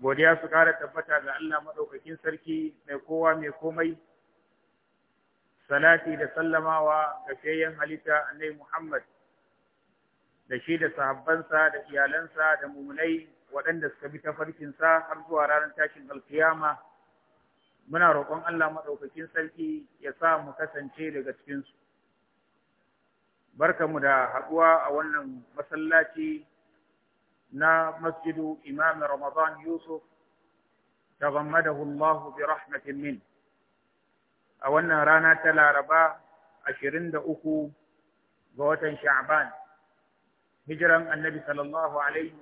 godiya su kara tabbata ga Allah maɗaukakin sarki mai kowa mai komai salati da sallamawa ga fiyayyen halitta annai Muhammad da shi da sahabbansa da iyalansa da mumunai waɗanda suka bi ta sa har zuwa ranar tashin alkiyama muna roƙon Allah maɗaukakin sarki ya sa mu kasance daga cikinsu barkamu da haɗuwa a wannan masallaci na masjidu imam Ramadan Yusuf tagammadahu Allah bi rahmatin min a wannan rana ta Laraba ashirin da uku ga watan Sha'ban hijiran Annabi sallallahu alaihi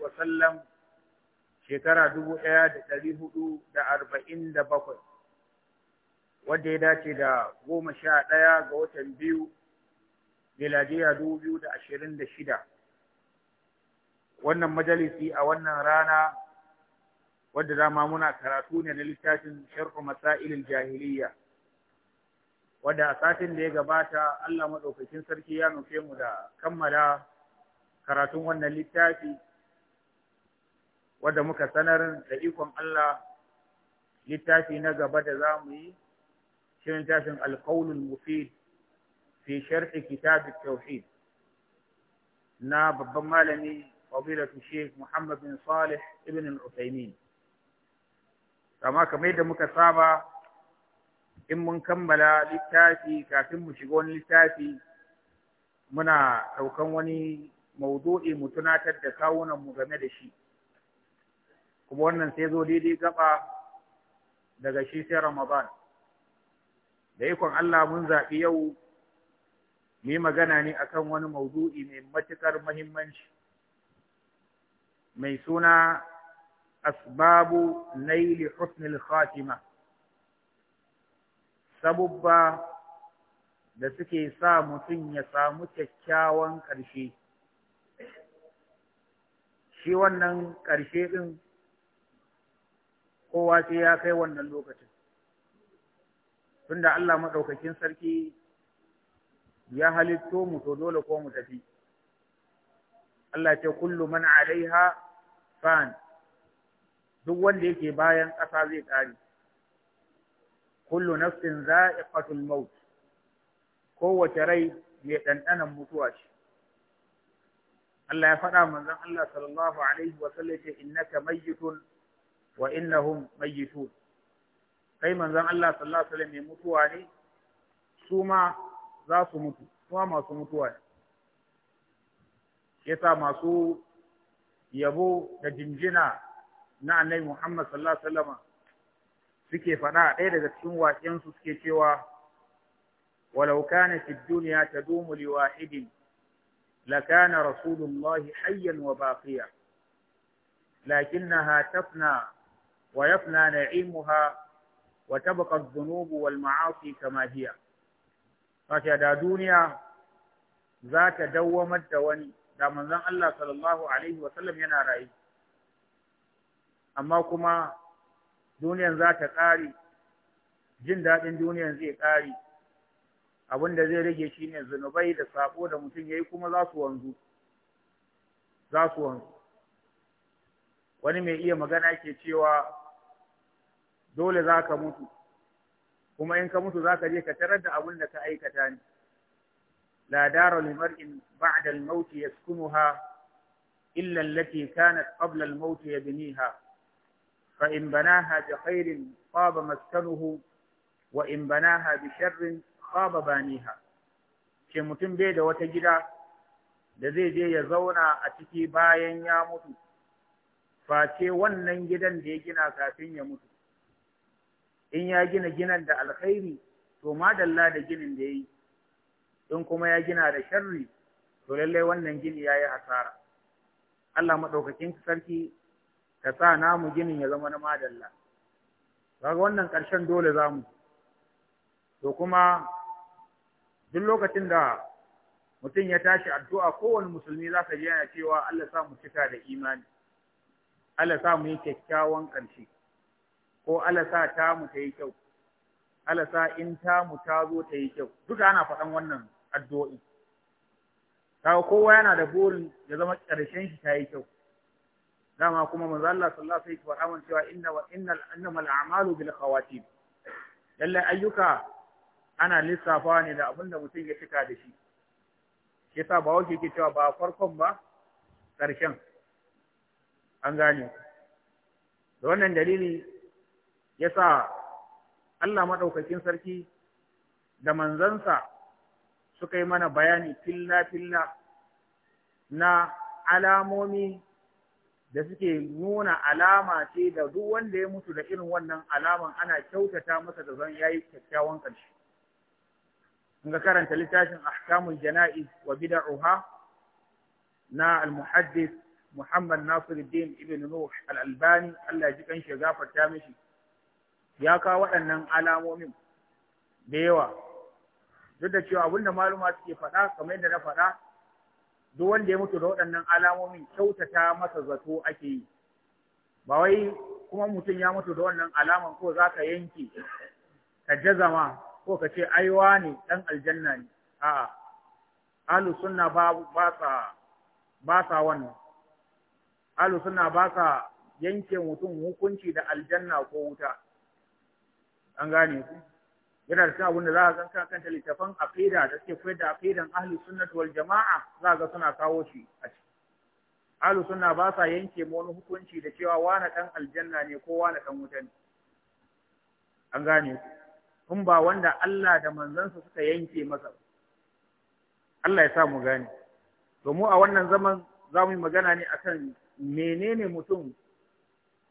da arba'in da bakwai wanda ya dace da goma sha ɗaya ga watan biyu miladiya shida. wannan majalisi a wannan rana wadda dama muna karatu ne na littafin sharhu masailil jahiliya wadda a satin da ya gabata Allah madaukakin sarki ya nufe mu da kammala karatun wannan littafi wadda muka sanar da ikon Allah littafi na gaba da za mu yi shi littafin alƙaunin mufid fi sharhi kitab tauhid na babban malami fadilat Sheikh Muhammad bin Salih ibn al-Uthaymeen kama kamar yadda muka saba in mun kammala littafi kafin mu shiga wani littafi muna ɗaukan wani maudu'i mu tunatar da kawunan mu game da shi kuma wannan sai zo daidai gaɓa daga shi sai Ramadan da ikon Allah mun zaɓi yau mu magana ne akan wani maudu'i mai matuƙar muhimmanci mai suna asbabu naili husnul khatima sabubba da suke sa mutum ya samu kyakkyawan ƙarshe shi wannan ƙarshe ɗin kowa sai ya kai wannan lokacin tunda Allah maɗaukakin sarki ya halitto mu to dole ko mu tafi Allah ce kullu man alaiha fan duk wanda yake bayan ƙasa zai ƙare kullu nafsin za'iqatul maut kowace rai mai ɗanɗanan mutuwa ce Allah ya faɗa manzon Allah sallallahu alaihi wa sallam ce innaka mayyitun wa innahum mayyitun kai manzon Allah sallallahu alaihi wa sallam mai mutuwa ne su ma za su mutu kuma masu mutuwa ne yasa masu yabo da jinjina na annabi Muhammad sallallahu alaihi wasallama suke fada ɗaya daga cikin waƙen suke cewa walau kana fi dunya tadumu li wahidin la kana rasulullah hayyan wa baqiya lakinnaha tafna wa yafna na'imuha wa tabqa adh-dhunub wal ma'asi kama hiya fa da duniya za ta dawwamar da wani da manzon Allah sallallahu alaihi wa sallam yana rayu amma kuma duniyan za ta ƙare jin daɗin duniyan zai ƙare abin da zai rage shi ne zunubai da sabo da mutum ya yi kuma za su wanzu za su wanzu wani mai iya magana ke cewa dole za ka mutu kuma in ka mutu za ka je ka tarar da abin da ka aikata ne لا دار لمرء بعد الموت يسكنها إلا التي كانت قبل الموت يبنيها فإن بناها بخير خاب مسكنه وإن بناها بشر خاب بانيها ke mutum bai da wata gida da zai je ya zauna a ciki bayan ya mutu face wannan gidan da ya gina kafin ya mutu in ya gina ginin da alkhairi to madalla da ginin da ya yi in kuma ya gina da sharri to lallai wannan gini ya yi hasara Allah maɗaukakin sarki ka sa namu ginin ya zama na madalla kaga wannan ƙarshen dole za mu to kuma duk lokacin da mutum ya tashi addu'a kowane musulmi za ka ji yana cewa Allah sa mu cika da imani Allah sa mu yi kyakkyawan ƙarshe ko Allah sa ta mu ta yi kyau Allah sa in ta mu ta zo ta yi kyau duka ana faɗan wannan addu'o'i kawo kowa yana da burin ya zama ƙarshen shi ta yi kyau dama kuma manzo Allah sallallahu alaihi wa sallam cewa inna wa innal annamal a'malu bil khawatim lalle ayyuka ana lissafa ne da abinda mutum ya cika da shi yasa ba wake ke cewa ba farkon ba ƙarshen an gane da wannan dalili yasa Allah madaukakin sarki da manzansa suka yi mana bayani filla-filla na alamomi da suke nuna alama ce da duk wanda ya mutu da irin wannan alaman ana kyautata masa da zan yayi kyakkyawan ƙarshe. Nga karanta littafin ahkamul jana'iz wa bid'uha na al-muhaddis Muhammad Nasiruddin ibn Nuh al-Albani Allah ji kan shi gafarta mishi ya kawo waɗannan alamomin da yawa duk da cewa abinda maluma suke faɗa kamar yadda na faɗa duk wanda ya mutu da waɗannan alamomin kyautata masa zato ake yi ba wai kuma mutum ya mutu da wannan alaman ko za ka yanke ka jazama ko ka ce aiwa ne ɗan aljanna ne a'a Alu suna ba sa wannan ahlus sunna ba sa yanke mutum hukunci da aljanna ko wuta an gane ku yana da abin da za a gan kan kanta littafan aqida da suke koyar da aqidan ahli sunnah wal jama'a za ga suna kawo shi a ciki ahli sunna ba sa yanke mu wani hukunci da cewa wani dan aljanna ne ko wani dan wuta ne an gane ku in ba wanda Allah da manzansa suka yanke masa Allah ya sa mu gane to mu a wannan zaman za mu yi magana ne akan menene mutum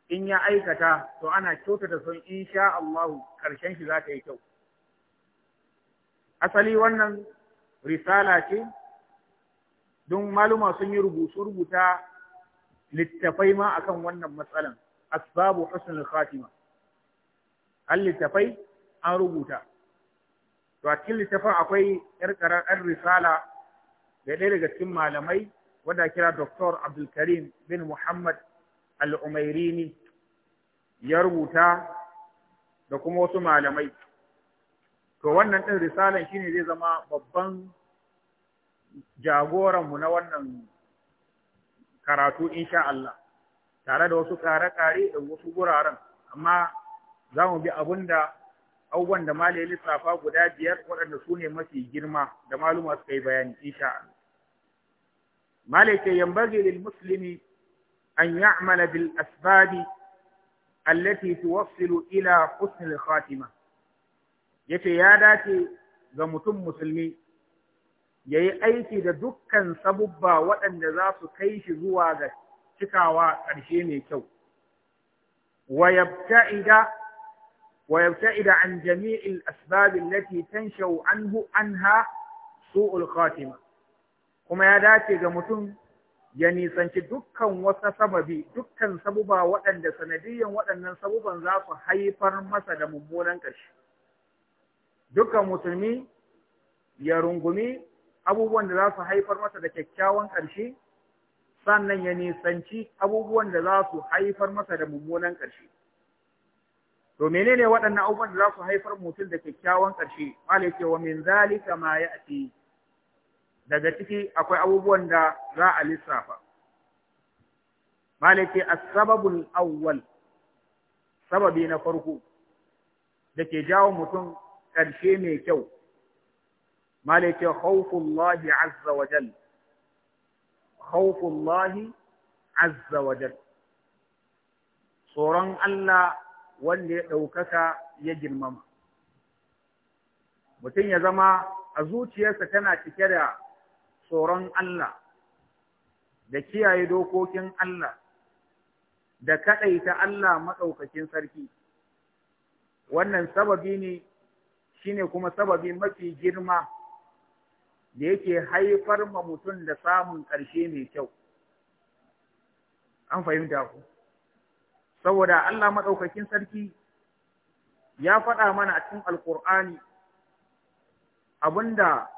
in ya aikata to ana kyautata son insha Allah karshen shi za ta yi kyau asali wannan risala ce don maluma sun yi rubutu rubuta littafai ma akan wannan matsalan asbabu husnul khatima an littafai an rubuta to a cikin littafin akwai yar karar risala da ɗaya daga cikin malamai wanda kira Dr. Abdulkarim bin Muhammad Al-Umairini ya rubuta da kuma wasu malamai to wannan ɗin risalan shi ne zai zama babban jagoranmu na wannan karatu insha Allah tare da wasu kare-kare da wasu guraren amma za mu bi abin da abubuwan da malaye lissafa guda biyar waɗanda su ne mafi girma da maluma suka yi bayani insha Allah malaye ke yambage lil muslimi an ya'mala bil asbabi allati tuwassilu ila husnil khatimah yace ya dace ga mutum musulmi ya yi aiki da dukkan sabubba waɗanda za su kai shi zuwa ga cikawa ƙarshe mai kyau Wayabta'ida an an عن جميع الأسباب التي تنشأ عنه عنها سوء kuma ya dace ga mutum ya nisanci dukkan wasu sababi dukkan sabuba waɗanda sanadiyyan waɗannan sabuban za su haifar masa da mummunan ƙarshe dukkan musulmi ya rungumi abubuwan da za su haifar masa da kyakkyawan ƙarshe sannan ya nisanci abubuwan da za su haifar masa da mummunan ƙarshe to menene waɗannan abubuwan da za su haifar mutum da kyakkyawan ƙarshe malai ce wa min zalika ma yi? daga ciki akwai abubuwan da za a lissafa malai ce asababul awwal sababi na farko da ke jawo mutum ƙarshe mai kyau malai ce khawfullahi azza wa jal khawfullahi azza wa jal tsoron Allah wanda ya ɗaukaka ya girmama mutum ya zama a zuciyarsa tana cike da tsoron Allah da kiyaye dokokin Allah da kaɗaita Allah maɗaukakin sarki wannan sababi ne shine kuma sababi mafi girma da yake haifar ma mutum da samun ƙarshe mai kyau an fahimta ku saboda Allah maɗaukakin sarki ya faɗa mana a cikin alkur'ani abinda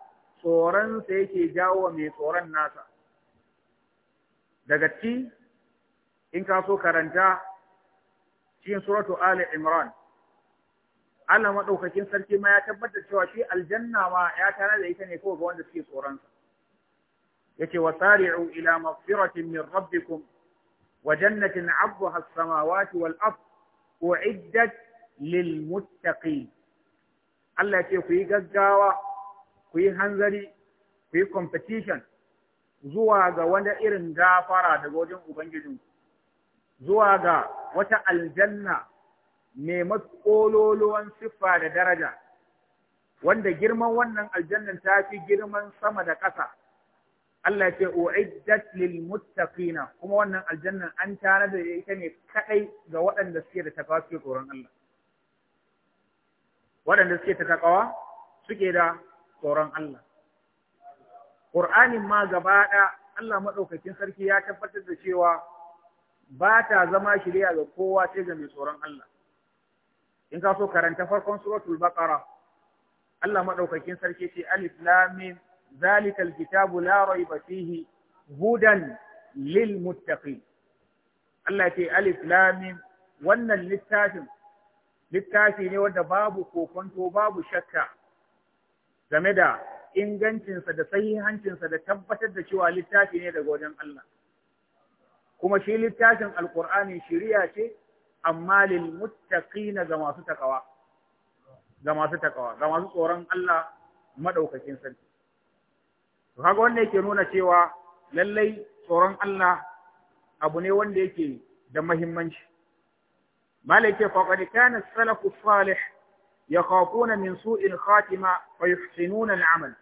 tsoronsa yake jawo mai tsoron nasa daga ci in ka so karanta cikin suratu Ali Imran Allah maɗaukakin sarki ma ya tabbatar cewa shi aljanna ma ya tana da ita ne kawai ga wanda suke tsoronsa. Yace wa sari'u ila maghfiratin min rabbikum wa jannatin 'abduha as-samawati wal ard u'iddat lil muttaqin. Allah ce ku yi gaggawa, ku yi hanzari, ku yi competition zuwa ga wanda irin gafara daga wajen Ubangijinku, zuwa ga wata aljanna mai matsololuwan siffa da daraja wanda girman wannan aljannan ta fi girman sama da ƙasa Allah ce uiddat lil muttaqina kuma wannan aljannan an tare da ita ne kadai ga waɗanda suke da takawa suke tsoron Allah waɗanda suke ta takawa suke da tsoron Allah Qur'anin ma gaba da Allah madaukakin sarki ya tabbatar da cewa ba ta zama shirya ga kowa sai ga mai tsoron Allah in ka so karanta farkon suratul baqara Allah madaukakin sarki ce alif lam mim zalikal kitabu la raiba fihi hudan lil muttaqin Allah ce alif lam mim wannan littafin littafi ne wanda babu kokonto babu shakka game da ingancinsa da sahihancinsa da tabbatar da cewa littafi ne daga wajen Allah kuma shi littafin alkur'ani shiriya ce amma lil muttaqina ga masu takawa ga masu takawa ga masu tsoron Allah madaukakin sarki to kaga wanda yake nuna cewa lallai tsoron Allah abu ne wanda yake da muhimmanci malike ce faqad kana salafu salih yakhafuna min su'il khatima wa yuhsinuna al'amal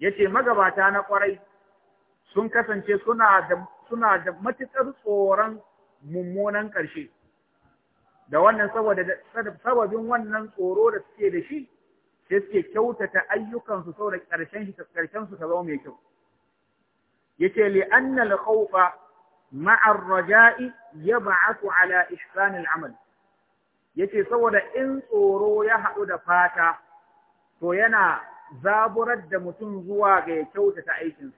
yace magabata na kwarai sun kasance suna da suna da matuƙar tsoron mummunan ƙarshe da wannan saboda sababin wannan tsoro da suke da shi sai suke kyautata ayyukansu saboda ƙarshen shi ƙarshen su ta zama mai kyau yace li anna al khawfa ma'a ar raja'i yab'athu ala ihsan al amal yace saboda in tsoro ya haɗu da fata to yana zaburar da mutum zuwa ga ya kyautata aikinsa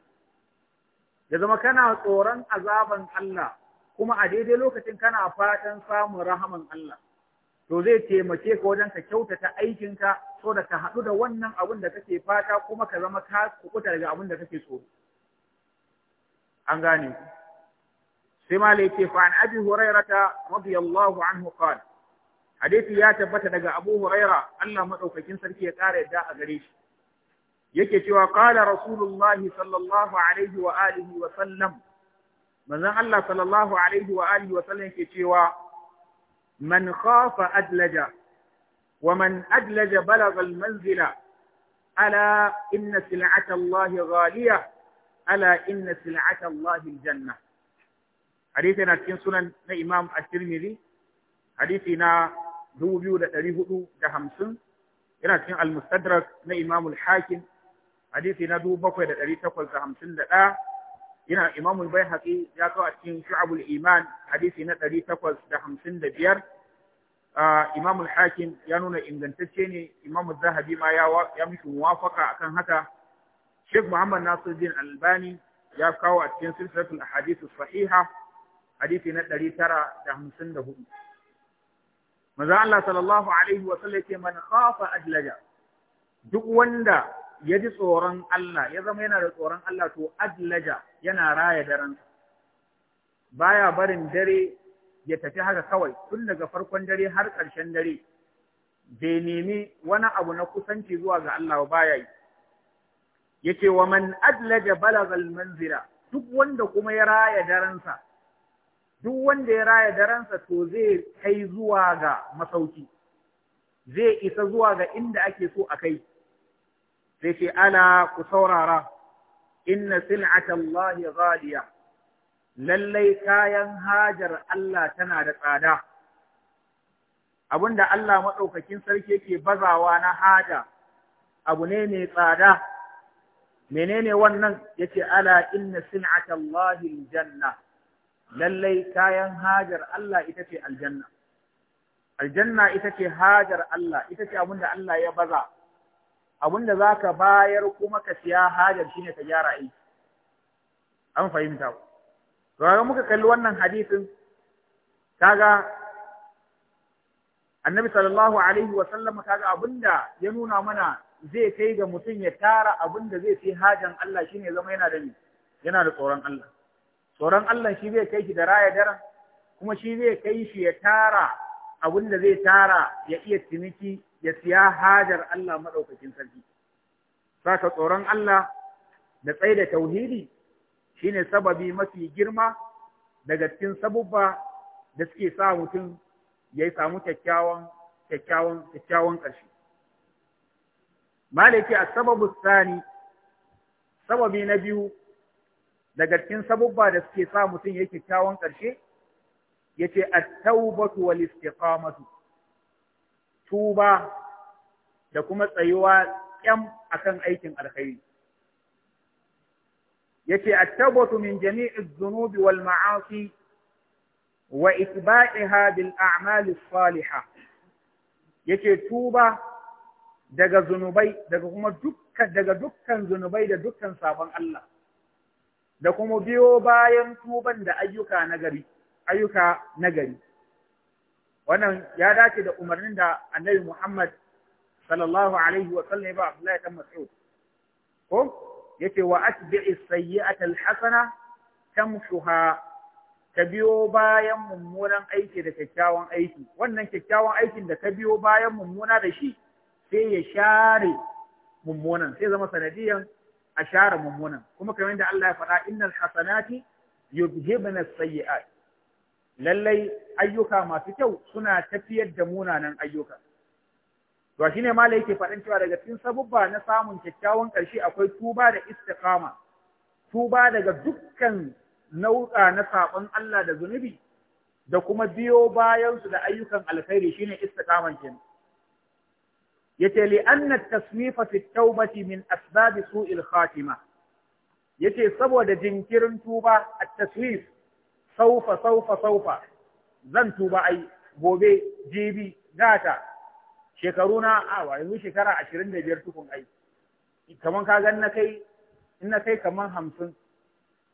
ya zama kana tsoron azaban Allah kuma a daidai lokacin kana fatan samun rahaman Allah to zai taimake ka wajen ka kyautata aikinka so da ka haɗu da wannan abin da kake fata kuma ka zama ka kukuta daga abin da kake tsoro an gane ku sai ma yake fa an abi hurairata radiyallahu anhu qala hadisi ya tabbata daga abu huraira Allah madaukakin sarki ya kare yadda a gare shi yake cewa qala rasulullahi sallallahu alaihi wa alihi wa sallam manzon Allah sallallahu alaihi wa alihi wa sallam yake cewa man khafa adlaja wa man adlaja balagha almanzila ala inna sil'ata Allah ghaliya ala inna sil'ata Allah aljanna hadisi na cikin sunan na Imam At-Tirmidhi hadisi na 2450 yana cikin al-Mustadrak na Imam Al-Hakim hadisi na 7851 yana Imam al ya zo a cikin Shu'abul Iman hadisi na ɗari da biyar. al-Hakim ya nuna ingantacce ne imamu zahabi ma ya ya mishi muwafaka akan haka Sheikh Muhammad din Albani ya kawo a cikin silsilatul ahadith as-sahiha hadisi na 954 Maza Allah sallallahu alaihi wa sallam man khafa adlaja duk wanda ya ji tsoron Allah ya zama yana da tsoron Allah to adlaja yana raya daren baya barin dare ya tafi haka kawai tun daga farkon dare har ƙarshen dare bai nemi wani abu na kusanci zuwa ga Allah ya yi yace wa man adlaja balagha manzira, duk wanda kuma ya raya daransa duk wanda ya raya daransa to zai kai zuwa ga masauki zai isa zuwa ga inda ake so a kai sai ce ala ku saurara inna sil'ata Lahi ghaliya lallai kayan hajar Allah tana da tsada abinda Allah madaukakin sarki yake bazawa na haja abu ne mai tsada menene wannan yace ala inna sil'ata Allah aljanna lallai kayan hajar Allah ita ce aljanna aljanna ita ce hajar Allah ita ce abinda Allah ya baza Abun da za ka bayar kuma ka siya hajar shine ka gyara aiki an fahimta ku ga muka kalli wannan hadisin kaga annabi sallallahu alaihi wa sallam kaga abinda ya nuna mana zai kai ga mutum ya tara abinda zai fi hajan Allah shine zama yana da ni yana da tsoron Allah tsoron Allah shi zai kai shi da raya dara kuma shi zai kai shi ya tara abinda zai tara ya iya ciniki ya siya hajar Allah maɗaukakin sarki. Saka tsoron Allah da tsaye da tauhidi shine sababi mafi girma daga cikin sabubba da suke sa mutum ya samu kyakkyawan kyakkyawan kyakkyawan ƙarshe. Maliki a sababu sani sababi na biyu daga cikin sabubba da suke sa mutum ya yi kyakkyawan ƙarshe yace at-taubatu wal istiqamatu tuba da kuma tsayuwa kyam akan aikin alkhairi yace at-tawbatu min jami'i dhunubi wal ma'asi wa itba'iha bil a'mali Ya yace tuba daga zunubai daga kuma dukkan daga dukkan zunubai da dukkan sabon Allah da kuma biyo bayan tuban da ayyuka nagari ayyuka nagari wannan ya dace da umarnin da annabi Muhammad sallallahu alaihi wa sallam ba Abdullahi dan Mas'ud ko yace wa atbi'i sayyi'ata alhasana tamshuha ka biyo bayan mummunan aiki da kyakkyawan aiki wannan kyakkyawan aikin da ka biyo bayan mummuna da shi sai ya share mummunan sai zama sanadiyan a share mummunan kuma kamar yadda Allah ya faɗa innal hasanati yuzhibna as-sayyi'at lallai ayyuka masu kyau suna tafiyar da munanan ayyuka to shi ne malai yake faɗin cewa daga cikin sabubba na samun kyakkyawan ƙarshe akwai tuba da istiqama tuba daga dukkan nau'a na saƙon Allah da zunubi da kuma biyo bayansu da ayyukan alkhairi shine istiqaman ke yace li anna tasnifa fi tawbati min asbab su'il khatima yace saboda jinkirin tuba at-taswif saufa saufa saufa zan tuba ai gobe jibi gata shekaru na a yanzu shekara ashirin da biyar tukun ai kaman ka gan na kai in na kai kaman hamsin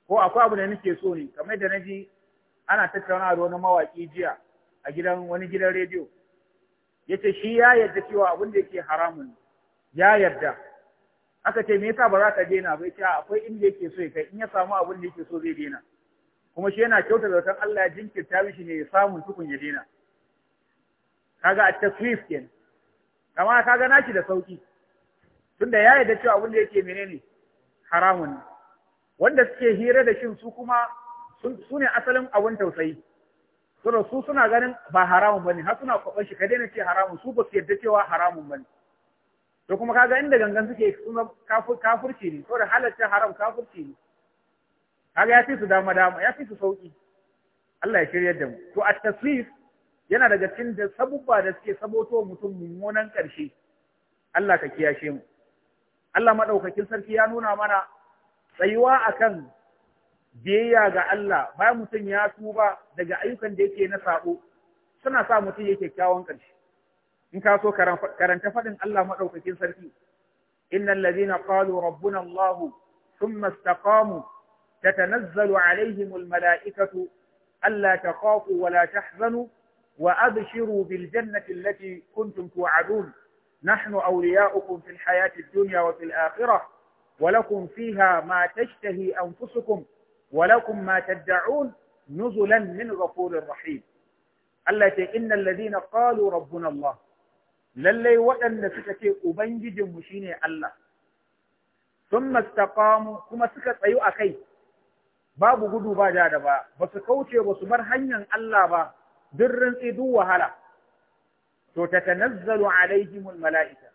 ko akwai abu da nake so ne kamar da na ji ana tattauna da wani mawaki jiya a gidan wani gidan rediyo ya ce shi ya yarda cewa abin da yake haramun ya yarda aka ce me yasa ba za ka daina ba yace ce akwai inda yake so ya kai in ya samu abin da yake so zai daina kuma shi yana kyauta kan Allah ya jinkirta mishi ne ya samu tukun ya dena kaga a taswif kenan kama kaga nashi da sauki tunda ya yarda cewa abin da yake menene haramun wanda suke hira da shin su kuma su ne asalin abin tausayi saboda su suna ganin ba haramun bane har suna kwaban shi ka daina ce haramun su ba su yarda cewa haramun bane to kuma kaga inda gangan suke sun kafurci ne saboda halarta haram kafurci ne kaga ya fi su dama dama ya fi su sauki Allah ya shirya da mu to a tasrif yana daga cikin da sabubba da suke saboto mutum mummunan karshe Allah ka kiyashe mu Allah madaukakin sarki ya nuna mana tsayuwa akan biyayya ga Allah bayan mutum ya tuba daga ayyukan da yake na sabo suna sa mutum yake kyakkyawan ƙarshe in ka so karanta faɗin Allah madaukakin sarki innal ladina qalu rabbuna Allah thumma istaqamu تتنزل عليهم الملائكة ألا تخافوا ولا تحزنوا وأبشروا بالجنة التي كنتم توعدون نحن أولياؤكم في الحياة الدنيا وفي الآخرة ولكم فيها ما تشتهي أنفسكم ولكم ما تدعون نزلا من غفور رحيم التي إن الذين قالوا ربنا الله للي وأن سكتي أبنجد مشيني الله ثم استقاموا كما سكت أيها أخيه babu gudu ba ja da ba ba su kauce ba su bar hanyar Allah ba durrin tsidu wahala to ta tanazzalu alaihimul mala'ika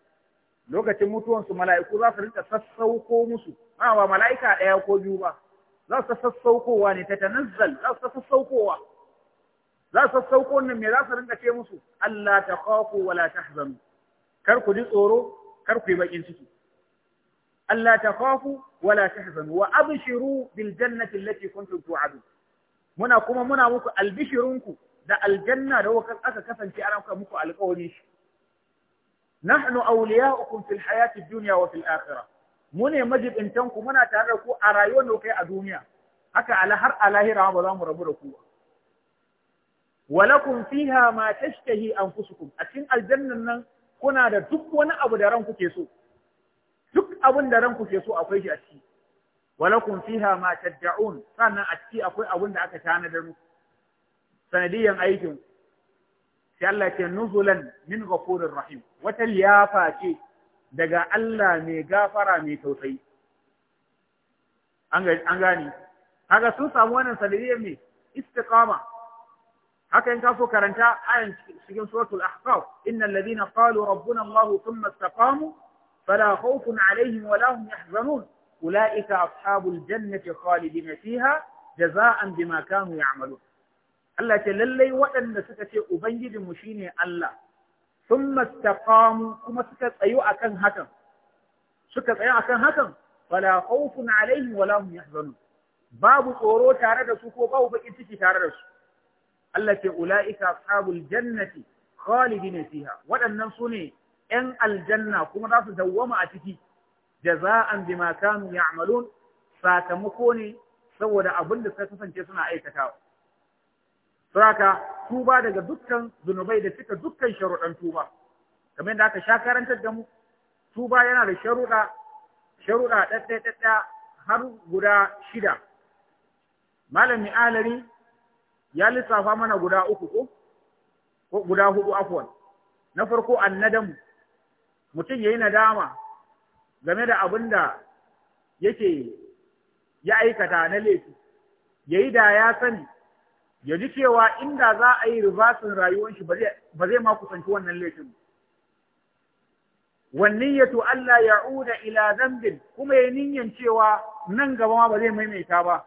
lokacin mutuwan su mala'iku za su rinka sassauko musu ba ba mala'ika ɗaya ko biyu ba za su sassaukowa ne tanazzal za su sassaukowa za su sassauko nan me za su rinka ce musu Allah ta khafu wala tahzanu kar ku ji tsoro kar ku yi bakin ciki ألا تخافوا ولا تحزنوا وأبشروا بالجنة التي كنتم توعدون muna kuma muna muku albishirunku da aljanna da wakar aka kasance ana muka muku alƙawarin shi nahnu awliya'ukum fil hayati dunya wa fil akhirah mu majibintan ku muna tare da ku a rayuwar da kai a duniya haka ala har a lahira ba za mu rabu da ku ba walakum fiha ma tashtahi anfusukum a cikin aljannan nan kuna da duk wani abu da ran kuke so duk abin da ranku ke so akwai shi a ciki walakum fiha ma tad'un sannan a ciki akwai abin da aka tanadar muku sanadiyan aikin sai Allah ke nuzulan min ghafurir rahim wata liyafa ce daga Allah mai gafara mai tausayi an gani haka sun samu wannan sanadiyan mai istiqama haka in ka so karanta ayan cikin suratul ahqaf innal ladina qalu rabbuna Allah thumma istaqamu فلا خوف عليهم ولا هم يحزنون أولئك أصحاب الجنة خالدين فيها جزاء بما كانوا يعملون Allah ce lallai waɗanda suka ce Ubangijinmu shi ne Allah, sun mastaƙamu kuma suka tsayo a kan hakan, suka tsayo a kan hakan, wala khawfun alaihim wala hum yahzanun babu tsoro tare da su ko babu bakin ciki tare da su Allah ulaika ashabul jannati khalidin fiha waɗannan su ne ‘yan aljanna kuma za su dawwama a ciki, jaza'an bima kanu ya'malun sakamako ne saboda abin da suka kasance suna aikatawa. Suraka tuba daga dukkan zunubai da suka dukkan sharuɗan tuba. Kamar yadda aka sha karantar da mu, tuba yana da sharuɗa, sharuɗa ɗaɗɗaya har guda shida. Malami alari ya lissafa mana guda uku ko? Guda huɗu afuwan. Na farko annadamu mutum ya yi nadama game da abin da yake ya aikata na laifi yi da ya sani ya ji cewa inda za a yi ribasin rayuwar shi ba zai ma kusanci wannan laifin Wannan wanniyatu Allah ya'uda ila zambin kuma ya niyyan cewa nan gaba ma ba zai maimaita ba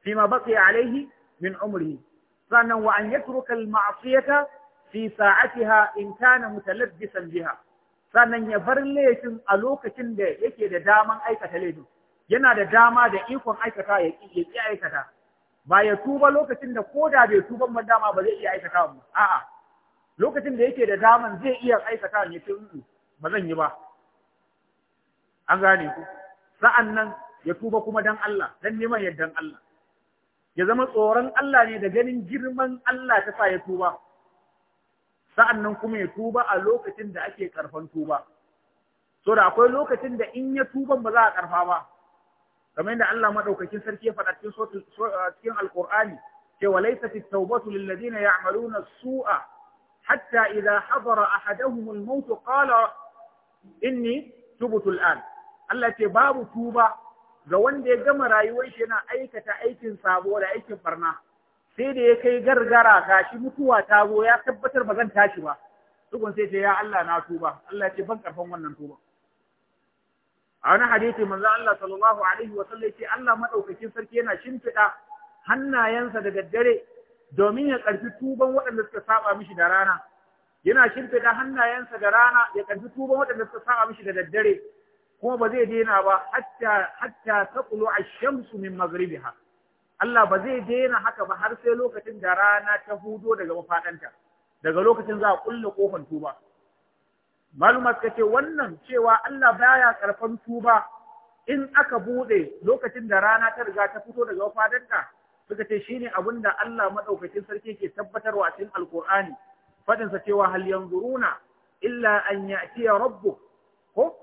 fima baqiya alaihi min umri sannan wa an yatruka fiye ta. fi sa'atiha in kana mutalabbisan biha sannan ya bar laifin a lokacin da yake da daman aikata laifin yana da dama da ikon aikata ya ki aikata ba ya tuba lokacin da koda bai tuba ba dama ba zai iya aikata ba a'a lokacin da yake da daman zai iya aikata ne tun mm, ba zan yi ba an gane ku Sa'an nan ya tuba kuma dan Allah dan neman yardan Allah ya zama tsoron Allah ne da ganin girman Allah ta sa ya tuba sa'annan kuma ya tuba a lokacin da ake karfan tuba so da akwai lokacin da in ya tuban ba za a karfa ba kamar yadda Allah maɗaukacin sarki ya faɗa cikin alqur'ani cewa laysa at-tawbatu lil ladina ya'maluna sua hatta idha hadara ahaduhum al-maut qala inni tubtu al Allah ce babu tuba ga wanda ya gama rayuwar shi yana aikata aikin sabo da aikin barna sai da ya kai gargara ga shi mutuwa ta zo ya tabbatar ba zan tashi ba tukun sai ce ya Allah na tuba Allah ya ce ban karfan wannan tuba a wani hadisi manzo Allah sallallahu alaihi wa sallam ce Allah madaukakin sarki yana shimfida hannayensa da daddare domin ya karfi tuban waɗanda suka saba mishi da rana yana shimfida hannayensa da rana ya karfi tuban waɗanda suka saba mishi da daddare kuma ba zai daina ba hatta hatta taqulu ash-shamsu min maghribiha Allah ba zai daina haka ba har sai lokacin da rana ta hudo daga mafadanta, daga lokacin za a ƙulla kofan tuba. Maluma suka ce wannan cewa Allah baya karfan tuba in aka buɗe lokacin da rana ta riga ta fito daga mafaɗanta, suka ce shine abin da Allah maɗaukacin sarki ke tabbatarwa cikin Alƙur'ani. Faɗinsa cewa hal yanzuruna illa an ya'tiya rabbuk ko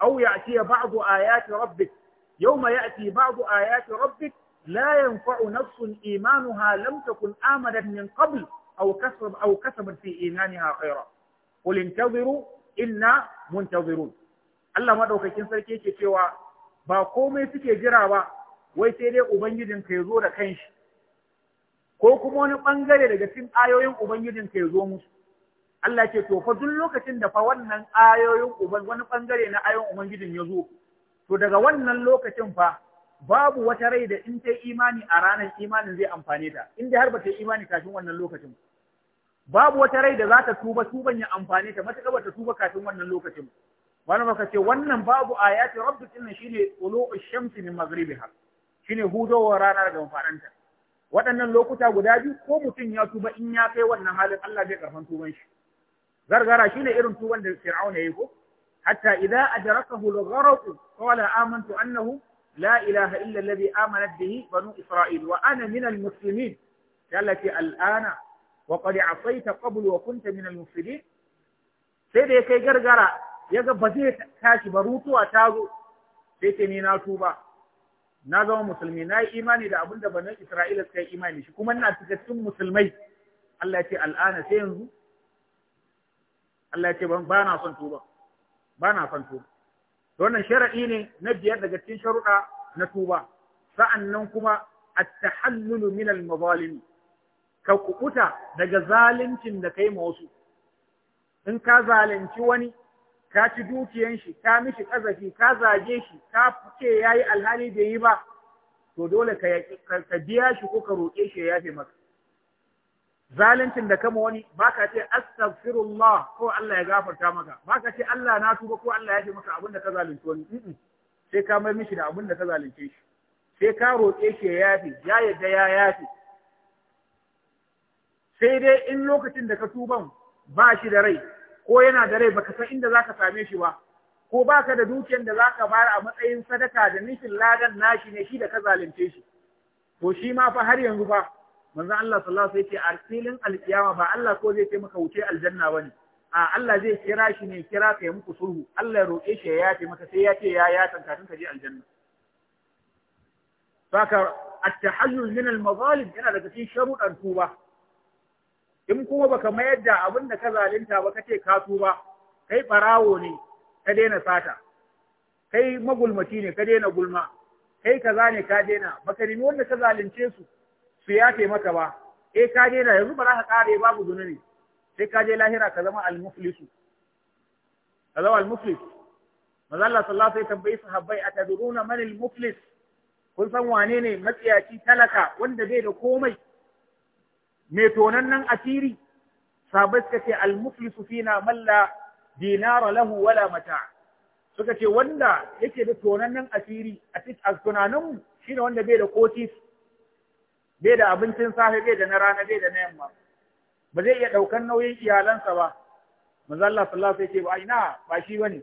aw ya'tiya ba'du ayati rabbik yawma ya'ti ba'du ayati rabbik لا ينفع نفس إيمانها لم تكن آمنت من قبل أو كسب أو كسبت في إيمانها خيرا قل انتظروا إنا منتظرون Allah madaukakin sarki yake cewa ba komai suke jira ba wai sai dai ubangijin ka zo da kanshi ko kuma wani bangare daga cikin ayoyin ubangijin ka zo musu Allah ce to fa duk lokacin da fa wannan ayoyin uban wani bangare na ayoyin ubangijin ya zo to daga wannan lokacin fa babu wata rai da in ta imani a ranar imanin zai amfane ta inda har ba ta imani kafin wannan lokacin babu wata rai da za ta tuba tuban ya amfane ta matuƙa ba ta tuba kafin wannan lokacin wani maka ce wannan babu ayati rabbik inna shine tulu'u shamsi min Shi ne hudowar rana daga mafaranta waɗannan lokuta guda biyu ko mutum ya tuba in ya kai wannan halin Allah zai karfan tuban shi gargara shine irin tuban da Fir'auna yi ko hatta idan a al hulogarau kawai amantu annahu la ilaha illa alladhi amanat bihi banu isra'il wa ana min almuslimin allati al'ana wa qad asaita qabl wa kunta min almufsidin sai da ya kai gargara ya ga ba zai tashi ba rutuwa ta zo sai ce ni na tuba na zama musulmi na yi imani da abin da banan isra'ila suka yi imani shi kuma ina cikin musulmai Allah ya ce al'ana sai yanzu Allah ya ce ba na son tuba ba na son tuba wannan sharaɗi ne na biyar daga cikin sharuɗa na tuba sa'annan kuma at-tahallulu min al-mazalim ka kukuta daga zaluncin da kai ma wasu in ka zalunci wani ka ci dukiyan shi ka mishi kazafi ka zage shi ka ce yayi alhali da yi ba to dole ka biya shi ko ka roƙe shi ya yafe maka zaluncin da kama wani ba ka ce astaghfirullah ko Allah ya gafarta maka ba ka ce Allah na tuba ko Allah ya ce maka abin da ka zalunci wani sai ka mai mishi da abin da ka zalunce shi sai ka roƙe shi ya yafe, ya yadda ya yafi sai dai in lokacin da ka tuban ba shi da rai ko yana da rai baka san inda zaka same shi ba ko baka da dukiyar da zaka bayar a matsayin sadaka da nishin ladan nashi ne shi da ka zalunce shi to shi ma fa har yanzu ba. manzo Allah sallallahu alaihi wasallam yace filin alkiyama ba Allah ko zai ce maka wuce aljanna bane a Allah zai kira shi ne kira kai muku sulhu Allah ya roƙe shi ya yafe maka sai ya ce ya ya tanka ka je aljanna saka at-tahayyul min al-mazalim yana daga cikin sharuɗan tuba in kuma baka mayar da abin da ka zalunta ba ka ce ka tuba kai barawo ne ka daina sata kai magulmaci ne ka daina gulma kai kaza ne ka daina baka nemi wanda ka zalunce su su ce maka ba E, ka je na yanzu ba za ka kare babu ne. sai ka je lahira ka zama al-muflisu ka zama al-muflis Mazalla sallallahu alaihi su Habbai sahabbai ataduruna man al-muflis kun san wane ne matsiyaci talaka wanda bai da komai mai tonan nan asiri sahabbai suka ce al-muflisu fina malla dinara lahu wala mata' suka ce wanda yake da tonan nan asiri a tunaninmu shi ne wanda bai da kotis bai da abincin safe bai da na rana bai da na yamma ba zai iya ɗaukan nauyin iyalansa ba mazalla sallallahu alaihi wasallam ya ce ina ba shi bane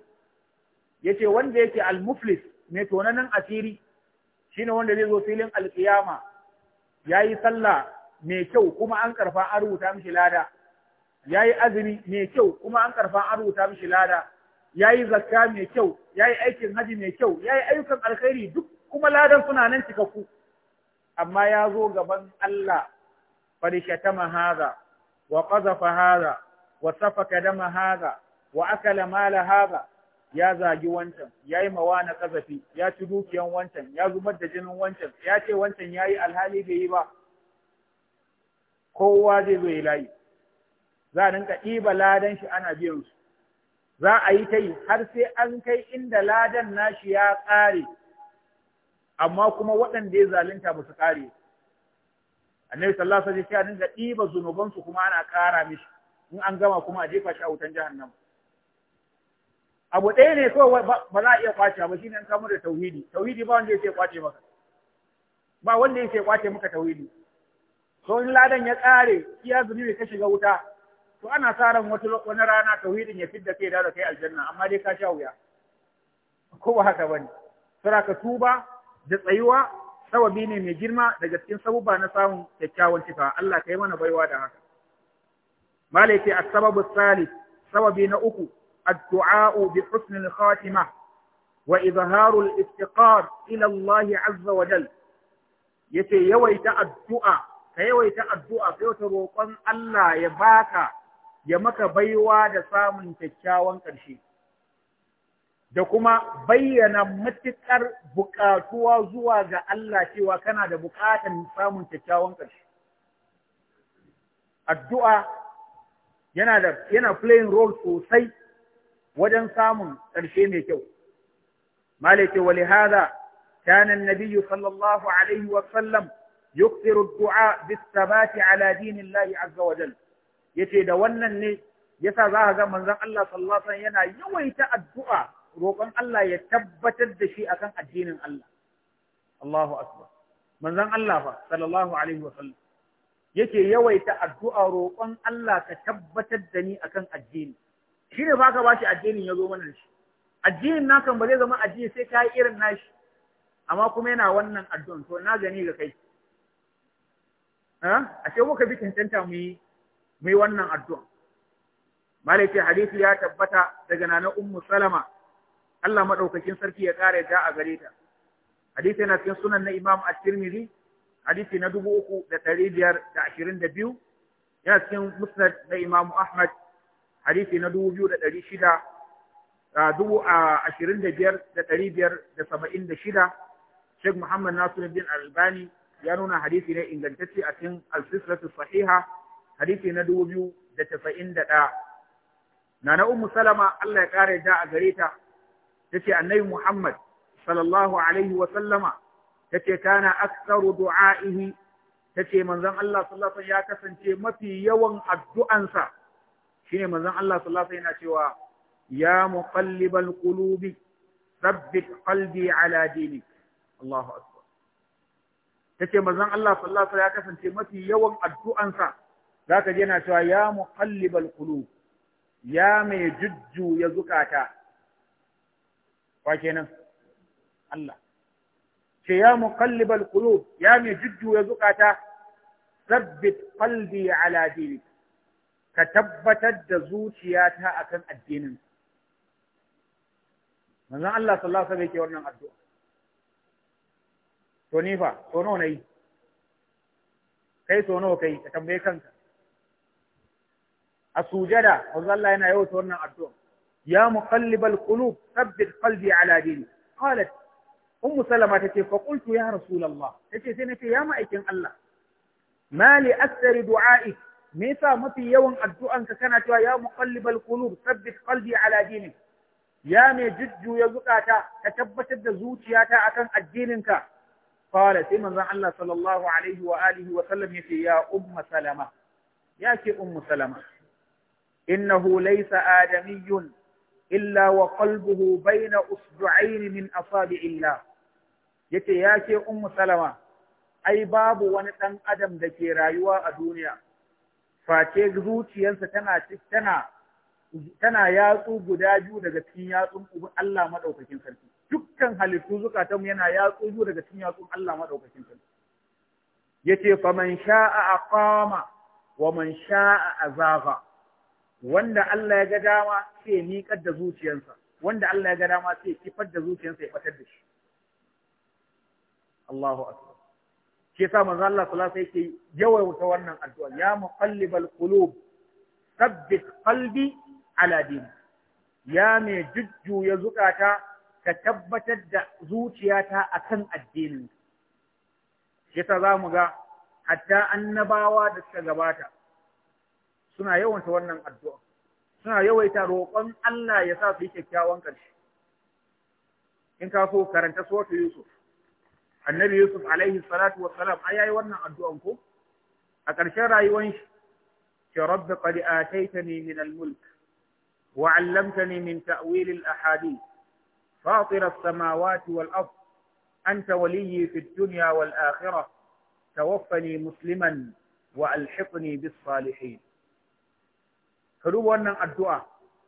yace wanda yake al-muflis mai tonanan asiri shine wanda zai zo filin alkiyama yayi sallah mai kyau kuma an karfa an rubuta mishi lada yayi azumi mai kyau kuma an karfa an rubuta mishi lada yayi zakka mai kyau yayi aikin haji mai kyau yayi ayyukan alkhairi duk kuma ladan suna nan cikakku amma ya zo gaban Allah farishata mahaza wa qazafa hada wa safaka dama hada wa akala mala hada ya zagi wancan ya yi mawa na kazafi ya ci dukiyan wancan ya zubar da jinin wancan ya ce wancan ya yi alhali bai yi ba kowa zai zo layi za a rinka ɗiba ladan shi ana biyan su za a yi ta yi har sai an kai inda ladan nashi ya ƙare amma kuma waɗanda ya zalunta ba su kare annabi sallallahu alaihi wasallam ya dinga diba zunubansu kuma ana ƙara mishi in an gama kuma a jefa shi a wutan jahannama abu ɗaya ne kawai ba za a iya kwace ba shine an kamo da tauhidi tauhidi ba wanda yake kwace maka ba wanda yake kwace maka tauhidi to in ladan ya ƙare iya zunubi ka shiga wuta to ana sa ran wata wani rana tauhidin ya fidda kai da kai aljanna amma dai ka sha wuya ko ba haka bane sura ka tuba da tsayuwa sababi ne mai girma daga cikin sabubba na samun kyakkyawan cika Allah ka yi mana baiwa da haka malai ce as-sababu salis sababi na uku addu'a bi husn khatima wa izharul al ila Allah azza wa jal yace yawaita addu'a ka yawaita addu'a kai wata roƙon Allah ya baka ya maka baiwa da samun kyakkyawan ƙarshe da kuma bayyana matuƙar buƙatuwa zuwa ga Allah cewa kana da buƙatar samun kyakkyawan ƙarshe. Addu'a yana da yana playing role sosai wajen samun ƙarshe mai kyau. Malike wa lihada كان النبي صلى الله عليه وسلم يكثر الدعاء بالثبات على دين الله عز وجل yace da wannan ne yasa za a ga manzon Allah sallallahu alaihi yana yawaita addu'a roƙon Allah ya tabbatar da shi akan addinin Allah Allahu akbar manzon Allah fa sallallahu alaihi wa yake yawaita addu'a roƙon Allah ka tabbatar da ni akan addini shi ne fa ka bashi addinin ya zo mana shi addinin nakan ba zai zama addini sai ka yi irin nashi amma kuma yana wannan addu'an to na gani ga kai a ce muka bi cancanta mu yi wannan addu'a malai ce hadisi ya tabbata daga nana ummu salama Allah madaukakin sarki ya kare ta a gare ta hadisi yana cikin sunan na Imam At-Tirmidhi hadisi na 3522 yana cikin musnad na Imam Ahmad hadisi na 2600 25,576 Sheikh Muhammad Nasir Nasiruddin Albani ya nuna hadisi ne ingantacce a cikin al-Silsilatu Sahiha hadisi na 2091 Nana Ummu Salama Allah ya kare da a gare ta tace annabi Muhammad sallallahu alaihi wa sallama tace kana aktsaru du'a'ihi tace manzon Allah sallallahu ya kasance mafi yawan addu'ansa shine manzon Allah sallallahu alaihi yana cewa ya muqallibal qulubi thabbit qalbi ala dinik Allahu akbar tace manzon Allah sallallahu ya kasance mafi yawan addu'ansa zaka je yana cewa ya muqallibal qulub ya mai jujju ya zukata wa kenan Allah ce ya muqallibal qulub ya mai jujjuya zukata sabbit qalbi ala dinik ka tabbatar da zuciyata akan addinin manzon Allah sallallahu alaihi wasallam yake wannan addu'a to ni fa to nawa nayi kai to nawa kai ka tambaye kanka a sujada manzon Allah yana yawan wannan addu'a يا مقلب القلوب ثبت قلبي على دينك قالت أم سلمة تتي فقلت يا رسول الله تتي سنتي يا مأيكين الله ما لي أكثر دعائك ميسا مفي يوم الدعاء كانت يا مقلب القلوب ثبت قلبي على دينك يا مي ججو يا زكاتا كتبت الزوتياتا أكن الدينك قال سيما الله صلى الله عليه وآله وسلم يتي يا أم سلمة يا كي أم سلمة إنه ليس آدمي illa wa qalbuhu baina usbu'ain min asabi'illah yace ya ce ummu salama ai babu wani dan adam da ke rayuwa a duniya face zuciyarsa tana tana tana yatsu guda biyu daga cikin yatsun Allah madaukakin sarki dukkan halittu zukatan yana yatsu biyu daga cikin yatsun Allah madaukakin sarki yace faman sha'a aqama wa man sha'a azaga wanda Allah ya ga dama sai ya miƙar da zuciyarsa wanda Allah ya ga dama sai ya kifar da zuciyarsa ya fatar da shi Allahu akbar Ke sa manzo Allah sallallahu alaihi wasallam yake yawaita wannan addu'a ya muqallibal qulub thabbit qalbi ala dini ya mai jujjuya zukata ka tabbatar da zuciyata akan addinin shi yasa zamu ga hatta annabawa da suka gabata suna yawaita wannan addu'a suna yawaita roƙon Allah ya sa su yi kyakkyawan ƙarshe in ka so karanta suratul yusuf annabi yusuf alaihi salatu wassalam ai yayi wannan addu'an ko a ƙarshen rayuwar shi ya rabbi qad ataitani min al-mulk wa 'allamtani min ta'wil al-ahadith فاطر السماوات والأرض أنت ولي في الدنيا والآخرة توفني مسلما وألحقني بالصالحين ka duba wannan addu'a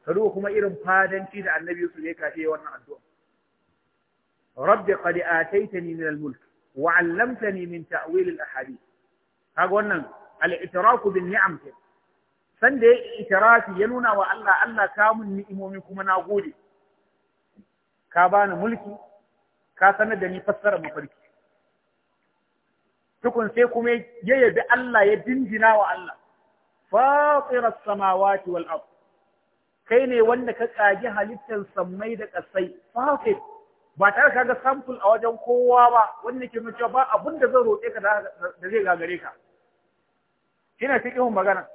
ka duba kuma irin fadanci da annabi Yusuf ya kace wannan addu'a rabbi qad ataitani min al-mulk wa 'allamtani min ta'wil al-ahadith kaga wannan al-i'tiraf bin ni'am san da ya itirafi ya nuna wa Allah Allah ka mun ni'imomi kuma na gode ka bani mulki ka sanar da ni fassara mafarki tukun sai kuma ya yabi Allah ya dindina wa Allah fatirar samawati wal ard kai ne wanda ka kagi halittar sammai da kasai fatir ba tare ka ga sample a wajen kowa ba wanda ke nuna cewa ba abin da zai roƙe ka da zai gagare ka shine fiqhun magana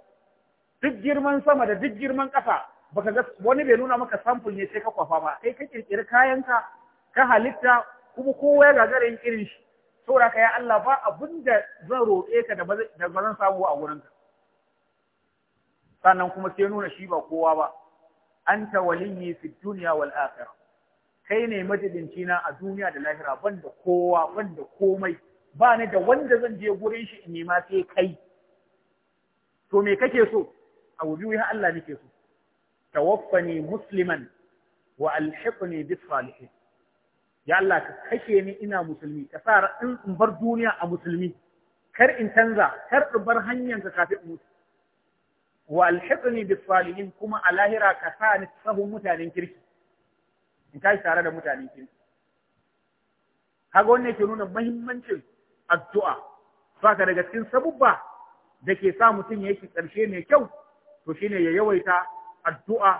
duk girman sama da duk girman ƙasa baka ga wani bai nuna maka sample ne sai ka kwafa ba kai ka kirkiri kayanka ka halitta kuma kowa ya gagara yin irin shi saboda ka ya Allah ba abin da zan roƙe ka da ba zan samu a wurinka sannan kuma sai nuna shi ba kowa ba anta waliyyi fi dunya wal akhirah kai ne madadinci na a duniya da lahira banda kowa banda komai ba ni da wanda zan je gurin shi in ma sai kai to me kake so a wuri ya Allah nake so tawaffani musliman wa alhiqni bis salihin ya Allah ka kashe ni ina musulmi ka sa in bar duniya a musulmi kar in canza kar in bar hanyar ka kafin mutu wa alhiqni bis salihin kuma a lahira ka sa ni sahun mutanen kirki in tashi tare da mutanen kirki kaga wannan ke nuna muhimmancin addu'a saka daga cikin sabubba da ke sa mutum yi karshe mai kyau to shine ya yawaita addu'a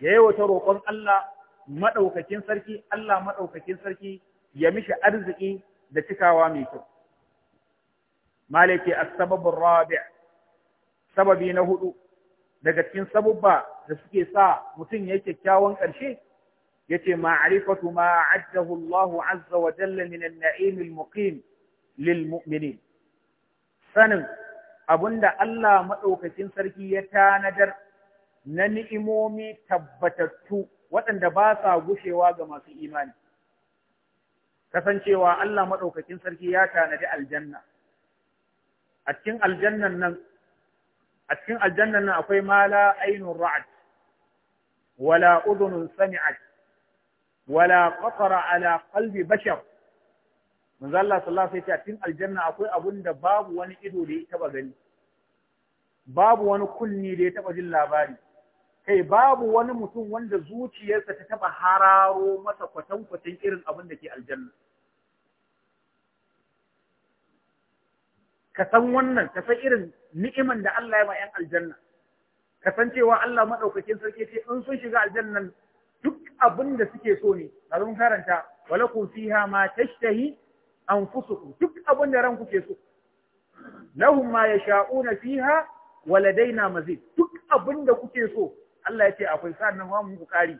ya yawaita roƙon Allah madaukakin sarki Allah madaukakin sarki ya mishi arziki da cikawa mai kyau malaki as-sababur rabi' sababi na hudu daga cikin sabubba da suke sa mutum ya kyakkyawan ƙarshe ya ce ma addahu Allah azza wa jalla min an-na'im al-muqim lil mu'minin sanin abunda Allah madaukakin sarki ya tanadar na ni'imomi tabbatattu waɗanda ba sa gushewa ga masu imani kasancewa Allah madaukakin sarki ya tanadi aljanna a cikin aljannan nan a cikin aljannan nan akwai mala ainun ra'ad wala udhunun sami'at wala qatara ala qalbi bashar manzo Allah sallallahu alaihi wasallam a cikin aljanna akwai abun da babu wani ido da ya taba gani babu wani kunni da ya taba jin labari kai babu wani mutum wanda zuciyarsa ta taba hararo masa kwatankwatan irin abin da ke aljanna ka san wannan ka san irin ni'iman da Allah ya ma yan aljanna ka san cewa Allah madaukakin sarki ce in sun shiga aljannan duk abin da suke so ne ka zo karanta walakum fiha ma tashtahi anfusukum duk abin da ranku ke so lahum ma yasha'una fiha wa ladaina mazid duk abin da kuke so Allah ya ce akwai sannan wa mu kari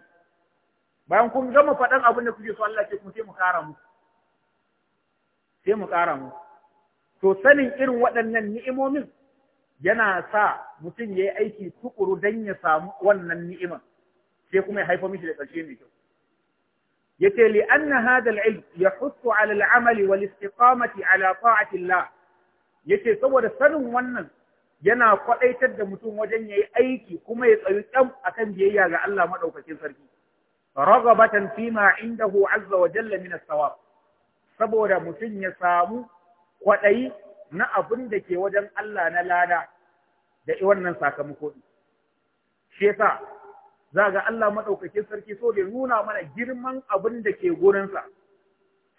bayan kun gama faɗan abin da kuke so Allah ce kuma sai mu ƙara mu sai mu mu To sanin irin waɗannan ni'imomin yana sa mutum ya yi aiki tukuru don ya samu wannan ni'iman, sai kuma ya haifa mishi da ƙarshe mai kyau. Ya ce, li'anna hadal ilm ya husu alal amali wal istiqamati ala ta'atillah. Ya ce, saboda sanin wannan yana kwaɗaitar da mutum wajen ya yi aiki kuma ya tsayu kyam a kan biyayya ga Allah maɗaukakin sarki. Ragabatan fima indahu azza wa jalla min as-sawab. Saboda mutum ya samu kwaɗayi na abin da ke wajen Allah na lada da wannan sakamako ɗin. Shi yasa za ga Allah maɗaukakin sarki so da nuna mana girman abin da ke gurinsa.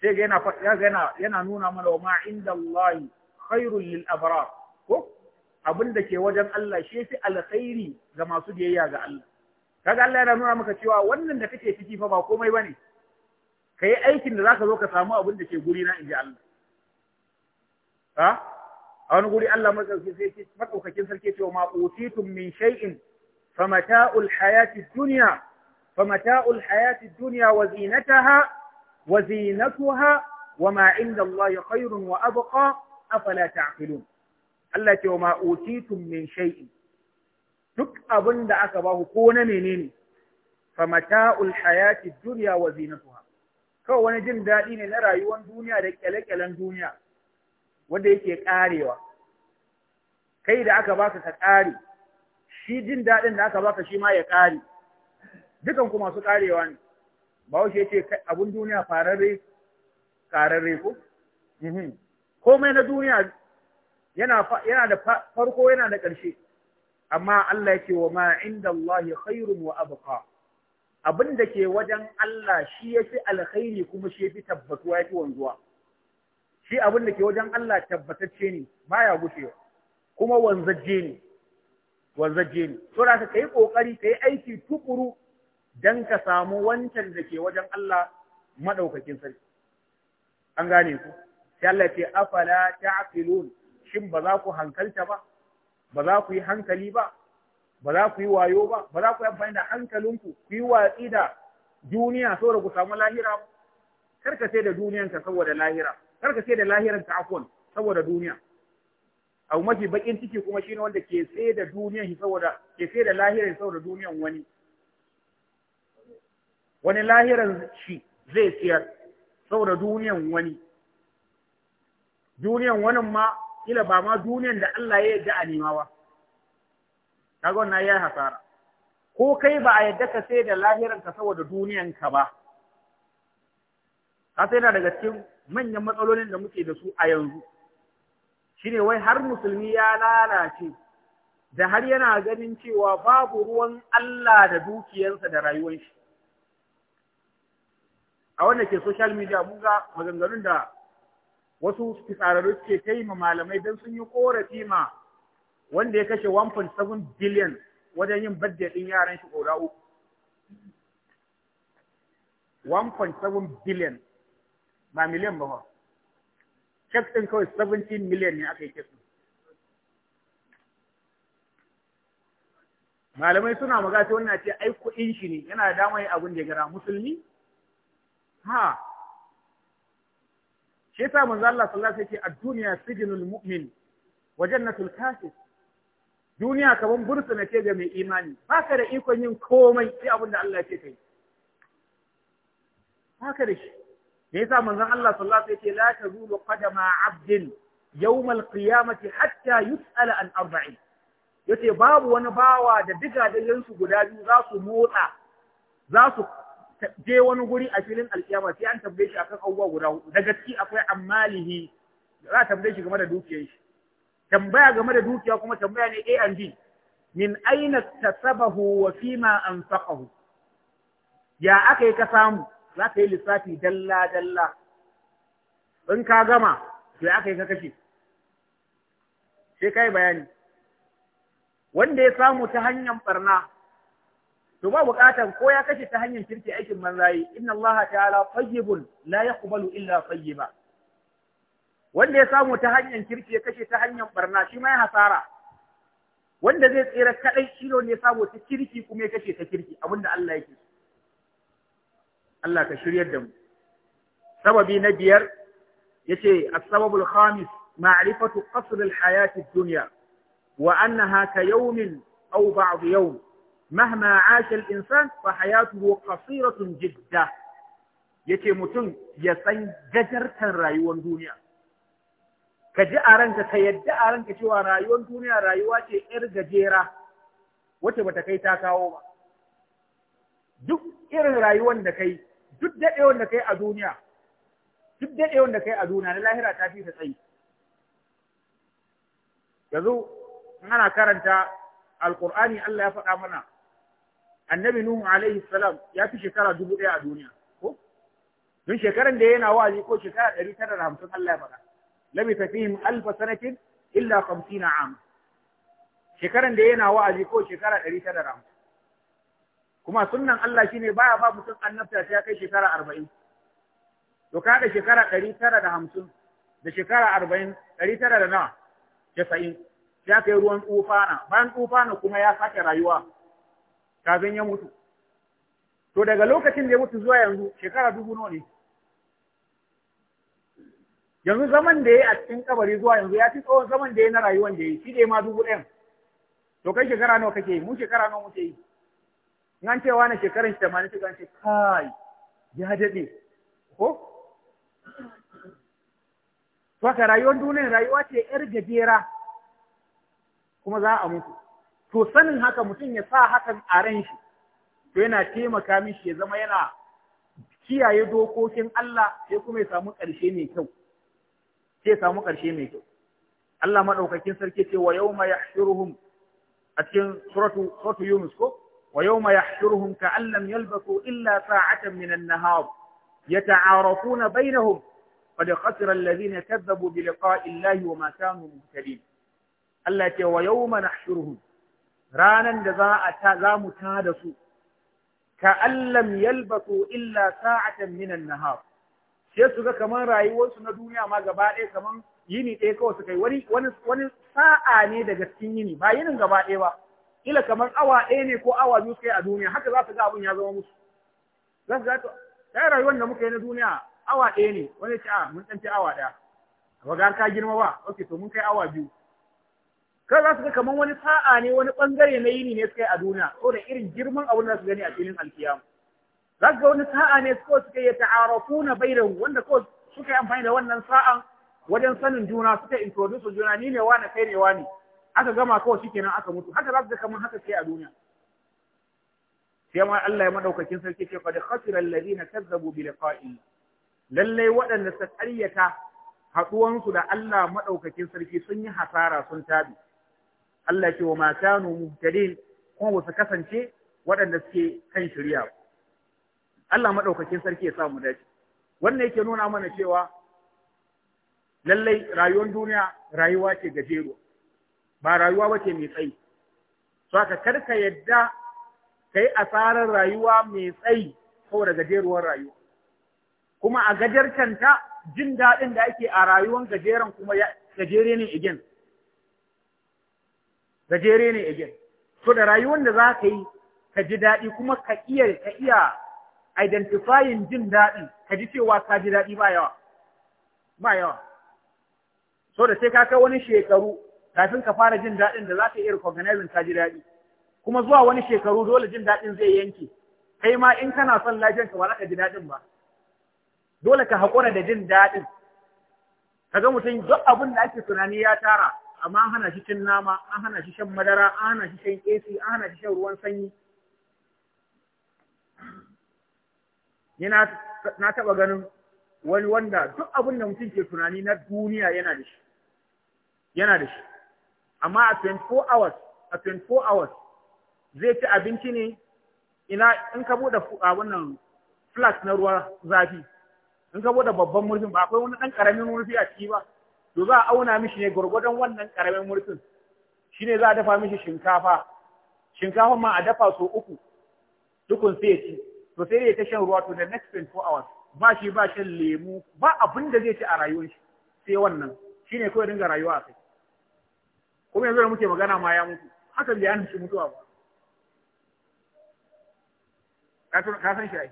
Sai ga yana nuna mana wa ma inda Allah khairul lil abrar ko abin da ke wajen Allah shi fi alkhairi ga masu biyayya ga Allah. Kaga Allah yana nuna maka cewa wannan da kake ciki fa ba komai bane. Kai aikin da zaka zo ka samu abin da ke gurina in inji Allah. a wani guri Allah madaukakin sarki cewa ma min shay'in famata'ul hayati dunya famata'ul hayati dunya wa zinataha wa zinatuha wa ma inda Allah khairun wa abqa afala ta'qilun Allah ce ma utitum min shay'in duk abin da aka bahu ko na menene famata'ul hayati dunya wa zinatuha kawai wani jin daɗi ne na rayuwar duniya da kyale-kyalen duniya wanda yake karewa kai da aka baka ka kare shi jin daɗin da aka baka shi ma ya kare dukan ku masu karewa ne bahaushe yace abun duniya fararre kararre ko mhm. komai na duniya yana yana da farko yana da ƙarshe amma Allah yake wa ma inda Allah khairun wa abqa abin da ke wajen Allah shi yafi alkhairi kuma shi yafi tabbatuwa yafi wanzuwa shi abin da ke wajen Allah tabbatacce ne baya gushewa kuma wanzaje ne wanzaje ne to da kai kokari kai aiki tukuru dan ka samu wancan da ke wajen Allah madaukakin sarki an gane ku sai Allah ce afala ta'qilun shin ba za ku hankalta ba ba za ku yi hankali ba ba za ku yi wayo ba ba za ku yi amfani da hankalinku ku yi watsi da duniya saboda ku samu lahira ba karka sai da duniyanka saboda lahira kar ka sai da lahirar ta afwan saboda duniya abu mafi bakin ciki kuma shine wanda ke sai da duniyan shi saboda ke sai da lahirar saboda duniyan wani wani lahirin shi zai siyar saboda duniyan wani duniyan wani ma kila ba ma duniyan da Allah ya yarda a nema ba kaga wannan yayi hasara ko kai ba a yarda ka sai da lahirar ka saboda duniyan ka ba ka sai daga cikin manyan matsalolin da muke da su a yanzu shi ne wai har musulmi ya lalace da har yana ganin cewa babu ruwan Allah da dukiyarsa da rayuwar shi a wanda ke social media mun ga maganganun da wasu fitsararru suke kai ma malamai don sun yi korafi ma wanda ya kashe 1.7 billion wajen yin birthday din yaran shi ƙora uku 1.7 billion ba miliyan ba Cek ɗin kawai 17 miliyan ne aka yi kes Malamai suna magata wannan ce ai kuɗin shi ne yana da damar abin da ya gara musulmi? Ha, shi yasa manzo Allah sallallahu alaihi wasallam yake ad-dunya sijnul mu'min wa jannatul kafir duniya kaman bursuna ce ga mai imani ka da ikon yin komai sai abin da Allah ya ce kai ka da shi da yasa manzon Allah sallallahu alaihi wasallam la tazulu qadama abdin yawm alqiyamati hatta yus'ala an arba'in yace babu wani bawa da diga da su guda biyu za su motsa za su je wani guri a filin alkiyama sai an tambaye shi akan abubuwa guda hudu da gaske akwai ammalihi za a tambaye shi game da dukiyar shi tambaya game da dukiya kuma tambaya ne A and B min aina tasabahu wa fima anfaqahu ya aka yi ka samu za ka yi lissafi dalla-dalla in ka gama to aka yi ka kashe sai ka yi bayani wanda ya samu ta hanyar barna to ba bukatan ko ya kashe ta hanyar kirki aikin manzayi inna allaha ta'ala tayyibun la yaqbalu illa ba. wanda ya samu ta hanyar kirki ya kashe ta hanyar barna shi ma ya hasara wanda zai tsira kaɗai, shi ne ya samu ta kirki kuma ya kashe ta kirki abinda Allah yake so Allah ka shiryar da mu sababi na biyar yace as-sababul khamis ma'arifatu qasr al duniya ad wa annaha ka yawmin aw ba'd yawm mahma 'asha insan fa hayatuhu qasiratun jidda yace mutum ya san gajartar rayuwar duniya ka ji a ranka ka yadda a ranka cewa rayuwar duniya rayuwa ce yar gajera wacce bata kai ta kawo ba duk irin rayuwar da kai duk daɗewar da kai a duniya duk daɗewar da kai a duniya na lahira ta fi ta tsayi yanzu ana karanta Al-Qur'ani Allah ya faɗa mana annabi nuhu alaihi salam ya fi shekara dubu ɗaya a duniya ko don shekaran da yana wa'azi ko shekara ɗari tara da hamsin Allah ya faɗa Lami fihim alfa sanatin illa khamsina am shekaran da yana wa'azi ko shekara ɗari tara da hamsin kuma sunnan Allah shine baya ba mutum annabta sai ya kai shekara arba'in to ka da shekara ɗari tara da hamsin da shekara arba'in ɗari tara da nawa ya kai ruwan tsufana bayan tsufana kuma ya sake rayuwa kafin ya mutu to daga lokacin da ya mutu zuwa yanzu shekara dubu nawa ne yanzu zaman da ya yi a cikin kabari zuwa yanzu ya fi tsawon zaman da ya na rayuwan da ya yi shi da ma dubu ɗayan to kai shekara nawa kake yi mu shekara nawa muke yi in an ce shekarun shekaran shi tamanin shi ce kai ya daɗe ko Waka rayuwar duniyar rayuwa ce ‘yar gajera kuma za a mutu. To sanin haka mutum ya sa hakan a ran shi, to yana taimaka mishi ya zama yana kiyaye dokokin Allah sai kuma ya samu ƙarshe mai kyau. Sai samu ƙarshe mai kyau. Allah maɗaukakin sarki ce wa yau ma ya a cikin suratu Yunus ko? ويوم يحشرهم كأن لم يلبثوا إلا ساعة من النهار يتعارفون بينهم قد خسر الذين كذبوا بلقاء الله وما كانوا مهتدين التي ويوم نحشرهم رانا جزاء تازام تادسوا كأن لم يلبثوا إلا ساعة من النهار شيسوك كمان رأي ونسو ندوني أما قبائي كمان يني إيكو سكي وني ونس ونس ساعة نيدة جسيني ما ينن قبائي واحد kila kamar awa ɗaya ne ko awa biyu yi a duniya haka za su ga abin ya zama musu za su ga to ta rayuwar da muka yi na duniya awa ɗaya ne wani ce a ah, mun ɗan ci awa ɗaya ba ga ka girma ba ok to mun kai awa biyu kai za su ga kamar wani sa'a ne wani bangare na yini ne suka yi a duniya da irin girman abin da su gani a filin alkiyama za su ga wani sa'a ne suka suka yi ta'arafuna bainahu wanda ko suka yi amfani da wannan sa'an wajen sanin juna suka introduce juna ni ne wani kai ne wani aka gama kawai shikenan aka mutu haka za su zaka mun haka sai a duniya sai ma Allah ya madaukakin sarki ce da khasira alladhina kazzabu bi liqa'i lalle waɗanda suka ƙaryata haduwan su da Allah madaukakin sarki sun yi hasara sun tabi Allah ce wa ma kanu muhtadin kuma su kasance waɗanda suke kan shari'a Allah madaukakin sarki ya sa mu dace wannan yake nuna mana cewa lallai rayuwar duniya rayuwa ce gajeru. ba rayuwa wace mai tsayi so aka karka yadda kai asarar rayuwa mai tsayi saboda gajeruwar rayuwa kuma a gajartanta jin daɗin da ake a rayuwar gajeren kuma gajere ne again gajere ne again so da rayuwar da za ka yi ka ji daɗi kuma ka iya ka jin daɗin ka ji cewa ka ji daɗi ba yawa ba yawa so da sai ka kai wani shekaru kafin ka fara jin daɗin da za ka iya recognizing ka ji daɗi kuma zuwa wani shekaru dole jin daɗin zai yanke kai ma in kana son lafiyar ka ba za ka ji daɗin ba dole ka haƙura da jin daɗin Ka ga mutum duk abin da ake tunani ya tara amma an hana shi cin nama an hana shi shan madara an hana shi shan AC an hana shi shan ruwan sanyi yana na taɓa ganin wani wanda duk abin da mutum ke tunani na duniya yana da shi yana da shi amma a 24 hours a 24 hours zai ci abinci ne ina in ka bude a wannan flask na ruwa zafi in ka bude babban murfin ba akwai wani dan karamin murfi a ciki ba to za a auna mishi ne gurgurdan wannan karamin murfin shine za a dafa mishi shinkafa shinkafa ma a dafa so uku dukun sai ya ci to sai ya ta shan ruwa to the next 24 hours ba shi ba shan lemu ba abin da zai ci a rayuwar shi sai wannan shine kawai dinga rayuwa a kai kuma yanzu da muke magana ma ya mutu hakan bai an shi mutuwa ba ka san shi ai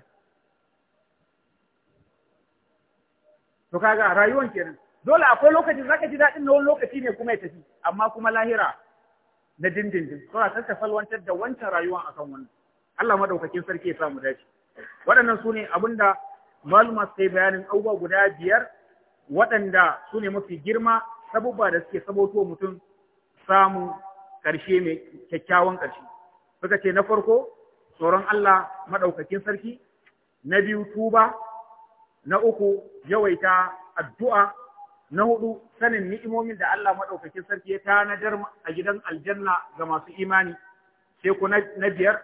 to kaga rayuwan kenan dole akwai lokaci zaka ji daɗin na wani lokaci ne kuma ya tafi amma kuma lahira na dindindin suna ta falwantar da wancan rayuwan akan wannan Allah madaukakin sarki ya sa mu dace waɗannan su ne abinda maluma suka yi bayanin abubuwa guda biyar waɗanda su ne mafi girma sabubba da suke sabotuwa mutum samu ƙarshe mai kyakkyawan ƙarshe suka ce na farko tsoron Allah maɗaukakin sarki na biyu tuba na uku yawaita addu'a na hudu sanin ni'imomin da Allah maɗaukakin sarki ya tanadar a gidan aljanna ga masu imani sai ku na biyar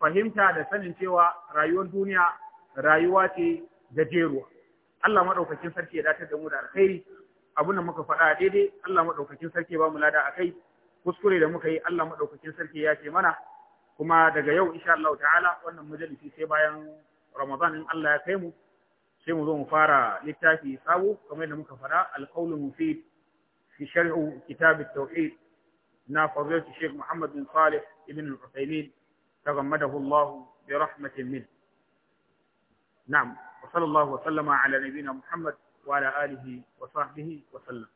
fahimta da sanin cewa rayuwar duniya rayuwa ce gajeruwa Allah maɗaukakin sarki ya datar da mu da alkhairi abin da muka faɗa daidai Allah maɗaukakin sarki ba mu lada a kai kuskure da muka yi Allah maɗaukakin sarki ya ce mana kuma daga yau insha Allah ta'ala wannan majalisi sai bayan Ramadan in Allah ya kai mu sai mu zo mu fara littafi sabo kamar da muka faɗa alqaulul mufid fi shar'u kitab at-tauhid na fadilatu Sheikh Muhammad bin Salih ibn al-Uthaymeen tagammadahu Allah bi rahmatin min نعم وصلى الله وسلم على نبينا محمد وعلى آله وصحبه وسلم